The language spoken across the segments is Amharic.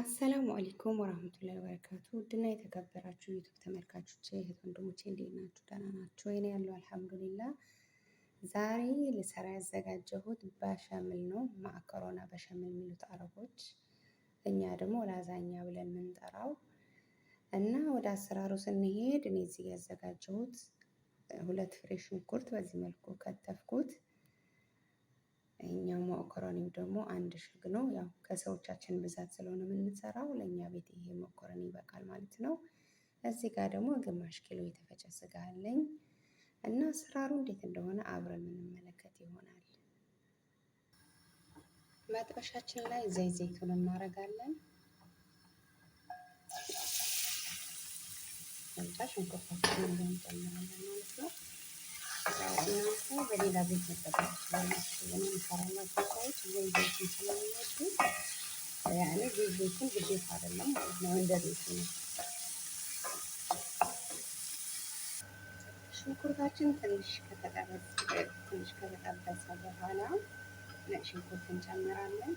አሰላሙ አለይኩም ወራህመቱላሂ ወበረካቱ ውድና የተከበራችሁ ዩቱብ ተመልካቾች እህት ወንድሞቼ እንዴት ናችሁ? ደህና ናችሁ? እኔ ያለው አልሐምዱሊላ። ዛሬ ልሰራ ያዘጋጀሁት በሸምል ነው። ማዕከሮና በሸምል የሚሉት አረቦች፣ እኛ ደግሞ ላዛኛ ብለን የምንጠራው እና ወደ አሰራሩ ስንሄድ እኔ እዚህ ያዘጋጀሁት ሁለት ፍሬ ሽንኩርት በዚህ መልኩ ከተፍኩት። ይሄኛው መኮረኒው ደግሞ አንድ ሽግ ነው። ያው ከሰዎቻችን ብዛት ስለሆነ የምንሰራው ለእኛ ቤት ይሄ መኮረኒ ይበቃል ማለት ነው። እዚህ ጋር ደግሞ ግማሽ ኪሎ የተፈጨ ስጋ አለኝ እና አሰራሩ እንዴት እንደሆነ አብረን የምንመለከት ይሆናል። መጥበሻችን ላይ ዘይት ዘይቱን እናደርጋለን። መምጫ ሽንኩርታችንን እንጨምራለን ማለት ነው። እናንተ በሌላ ቤት መጠቀም ግዴታ አይደለም ሽንኩርታችን ትንሽ ከተቀረ ትንሽ ከተጠበሰ በኋላ ነጭ ሽንኩርት እንጨምራለን።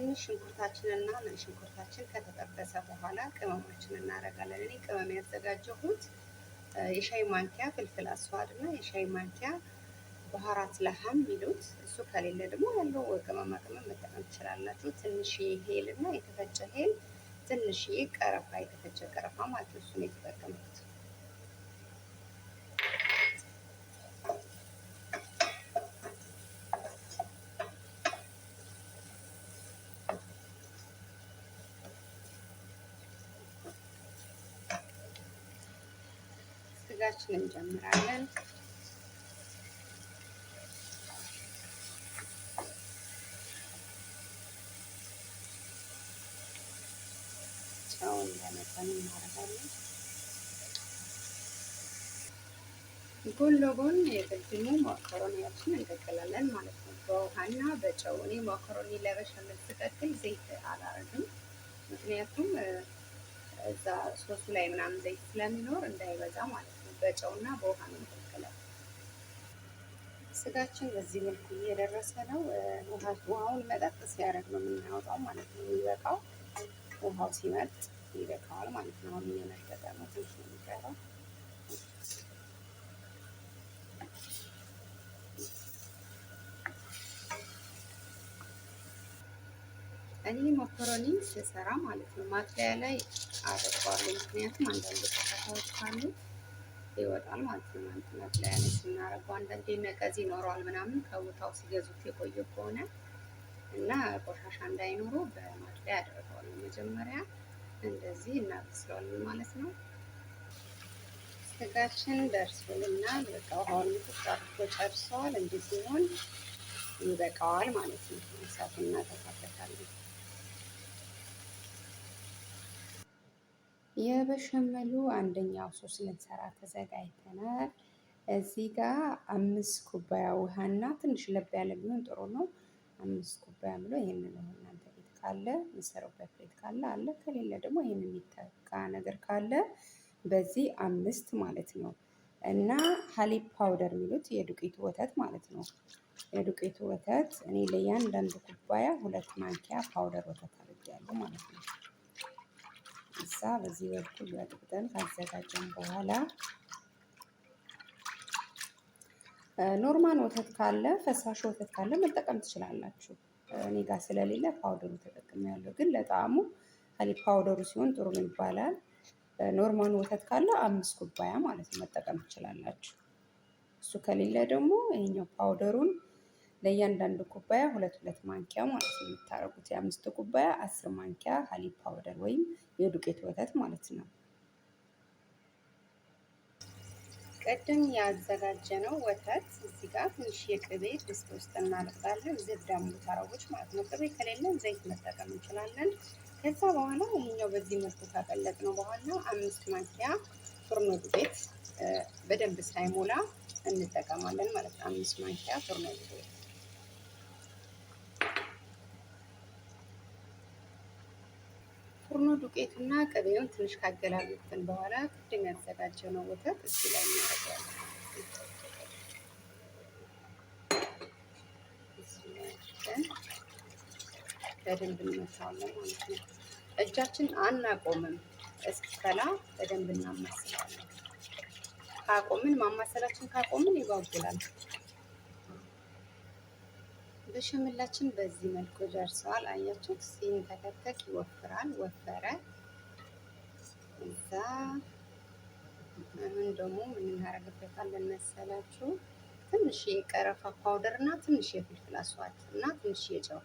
ትንሽ ሽንኩርታችንና ነጭ ሽንኩርታችን ከተጠበሰ በኋላ ቅመማችን እናደርጋለን። እኔ ቅመም ያዘጋጀሁት የሻይ ማንኪያ ፍልፍል አስዋድ እና የሻይ ማንኪያ ባህራት ለሀም ሚሉት እሱ ከሌለ ደግሞ ያለው ቅመማ ቅመም መጠቀም ትችላላችሁ። ትንሽ ሄል እና የተፈጨ ሄል፣ ትንሽዬ ቀረፋ፣ የተፈጨ ቀረፋ ማለት ነው። እሱን የተጠቀምኩት ስጋችን እንጨምራለን። ጨውን እንደመጠኑ እናደርጋለን። ጎን ለጎን የቅድሙ ማካሮኒያችን እንቀቅላለን ማለት ነው፣ በውሃና በጨው። እኔ ማካሮኒ ለበሸመል ስቀቅል ዘይት አላረግም፣ ምክንያቱም እዛ ሶሱ ላይ ምናምን ዘይት ስለሚኖር እንዳይበዛ ማለት ነው። በጨውና በውሃ ነው የምንቀቅለው። ስጋችን በዚህ መልኩ እየደረሰ ነው። ውሃውን መጠጥ ሲያደርግ ነው የምናወጣው ማለት ነው። የሚበቃው ውሃው ሲመጥ ይበቃዋል ማለት ነው። አሁን እየመጠጠ ነው፣ ትንሽ ነው የሚቀረው። እኔ መኮረኒ ስሰራ ማለት ነው ማጥለያ ላይ አደርገዋለሁ። ምክንያቱም አንዳንድ ቆሻሻዎች ካሉ ይወጣል ማለት ነው። እንትን መጥለያ ላይ አንዳንዴ ነቀዝ ይኖረዋል ምናምን ከቦታው ሲገዙት የቆየ ከሆነ እና ቆሻሻ እንዳይኖሩ በማድላ ያደርገዋል። መጀመሪያ እንደዚህ እናበስለዋለን ማለት ነው። ስጋችን ደርሶልና በቃ ውሃውን ምጥጥ ጨርሰዋል። እንዲህ ሲሆን ይበቃዋል ማለት ነው። እሳቱን እናጠፋበታለን። የበሸመሉ አንደኛው ሶስ ልንሰራ ተዘጋጅተናል። እዚህ ጋር አምስት ኩባያ ውሃና ትንሽ ለብ ያለ ቢሆን ጥሩ ነው። አምስት ኩባያ ብሎ ይህንን ውሃ እናንተ ቤት ካለ የምትሰሩበት ቤት ካለ አለ፣ ከሌለ ደግሞ ይህን የሚጠቃ ነገር ካለ በዚህ አምስት ማለት ነው እና ሀሊብ ፓውደር የሚሉት የዱቄቱ ወተት ማለት ነው። የዱቄቱ ወተት እኔ ለእያንዳንዱ ኩባያ ሁለት ማንኪያ ፓውደር ወተት አድርጌያለሁ ማለት ነው። ፒሳ በዚህ በኩል አጥብጠን ካዘጋጀን በኋላ ኖርማል ወተት ካለ ፈሳሽ ወተት ካለ መጠቀም ትችላላችሁ። እኔ ጋር ስለሌለ ፓውደሩ ተጠቅሜ ያለው ግን ለጣዕሙ ሀሊ ፓውደሩ ሲሆን ጥሩ ነው ይባላል። ኖርማል ወተት ካለ አምስት ኩባያ ማለት ነው መጠቀም ትችላላችሁ። እሱ ከሌለ ደግሞ ይሄኛው ፓውደሩን ለእያንዳንዱ ኩባያ ሁለት ሁለት ማንኪያ ማለት ነው የምታደርጉት። የአምስት ኩባያ አስር ማንኪያ ሀሊ ፓውደር ወይም የዱቄት ወተት ማለት ነው። ቅድም ያዘጋጀ ነው ወተት እዚህ ጋር ትንሽ የቅቤ ድስት ውስጥ እናደርጋለን። ዝብዳሙ ታረቦች ማለት ነው። ቅቤ ከሌለን ዘይት መጠቀም እንችላለን። ከዛ በኋላ ይህኛው በዚህ መልኩ ነው በኋላ አምስት ማንኪያ ፍርኖ ዱቄት በደንብ ሳይሞላ እንጠቀማለን ማለት ነው። አምስት ማንኪያ ፍርኖ ዱቄት የፉርኖ ዱቄቱና ቅቤውን ትንሽ ካገላበጥን በኋላ ቅድም ነው ወተት እዚ ላይ እናደርጋለን። በደንብ እንመታዋለን ማለት ነው። እጃችን አናቆምም። እስኪፈላ በደንብ እናመስላለን። ካቆምን ማማሰላችን ካቆምን ይጓጉላል። በሽምላችን በዚህ መልኩ ደርሰዋል። አያችሁት? ሲንተከተክ ይወፍራል። ወፈረ። እዛ አሁን ደግሞ ምን እናደርግበታለን መሰላችሁ? ትንሽ የቀረፋ ፓውደር እና ትንሽ የፍልፍል አስዋት እና ትንሽ የጨው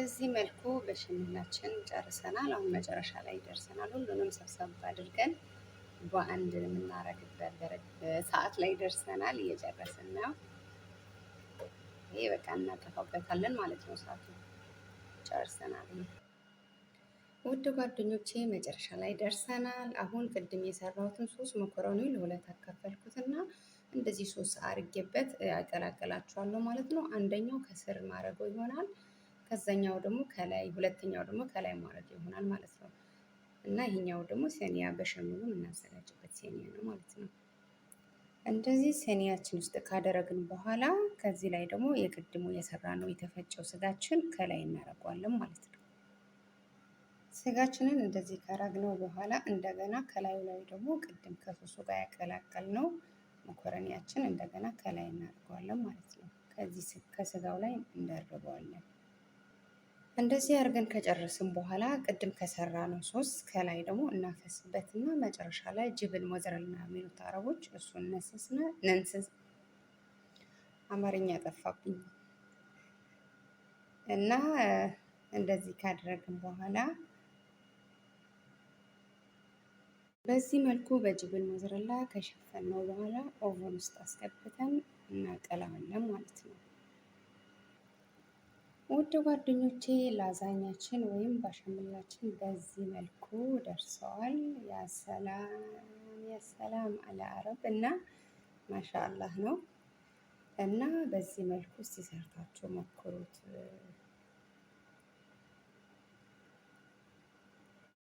በዚህ መልኩ በሽምላችን ጨርሰናል። አሁን መጨረሻ ላይ ደርሰናል። ሁሉንም ሰብሰብ አድርገን በአንድ የምናረግበት ሰዓት ላይ ደርሰናል። እየጨረስን ነው። ይሄ በቃ እናጠፋበታለን ማለት ነው። ሰዓቱ ጨርሰናል። ውድ ጓደኞቼ መጨረሻ ላይ ደርሰናል። አሁን ቅድም የሰራሁትን ሶስት መኮረኒ ለሁለት አካፈልኩትና እንደዚህ ሶስት አርጌበት አቀላቀላችኋለሁ ማለት ነው። አንደኛው ከስር ማድረገው ይሆናል ከዛኛው ደግሞ ከላይ ሁለተኛው ደግሞ ከላይ ማለት ይሆናል ማለት ነው። እና ይሄኛው ደግሞ ሴኒያ በሸምኑ የምናዘጋጅበት ሴኒያ ነው ማለት ነው። እንደዚህ ሴኒያችን ውስጥ ካደረግን በኋላ ከዚህ ላይ ደግሞ የቅድሙ የሰራ ነው የተፈጨው ስጋችን ከላይ እናደርገዋለን ማለት ነው። ስጋችንን እንደዚህ ካረግነው በኋላ እንደገና ከላዩ ላይ ደግሞ ቅድም ከሶሱ ጋር ያቀላቀል ነው መኮረኒያችን እንደገና ከላይ እናደርገዋለን ማለት ነው። ከዚህ ከስጋው ላይ እንደርበዋለን። እንደዚህ አድርገን ከጨረስን በኋላ ቅድም ከሰራ ነው ሶስት ከላይ ደግሞ እና መጨረሻ ላይ ጅብን ሞዘረልና የሚሉት አረቦች እሱን ነስስነ ነንስስ አማርኛ ጠፋብኝ እና እንደዚህ ካደረግን በኋላ በዚህ መልኩ በጅብን ሞዘረላ ከሸፈን ነው በኋላ ኦቨን ውስጥ አስገብተን እናቀላለን ማለት ነው። ውድ ጓደኞቼ ላዛኛችን ወይም ባሸምላችን በዚህ መልኩ ደርሰዋል። ያሰላም አለ አረብ እና ማሻአላህ ነው እና በዚህ መልኩ ሲሰርታችሁ ሞክሩት።